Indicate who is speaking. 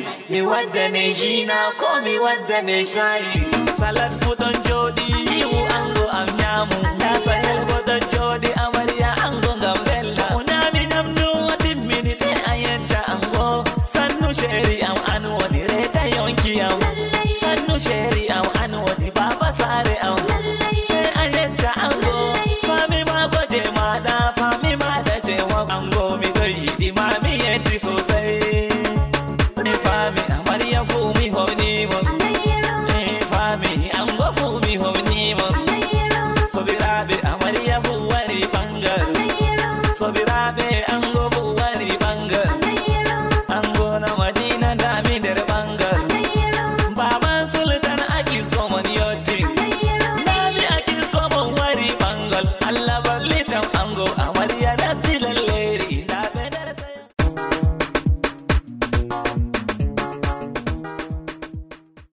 Speaker 1: shayi mi wadda ne na ko mi wadda ne shayi salat futon jodi iwu ango am nyamu da salad futon jodi amarya ango ngam bella unami namnu watin mini sai ayenta go sannu sheri am an wani reta yonki am Eh, sobiraɓe amarya huwari ɓangal sobiraɓe am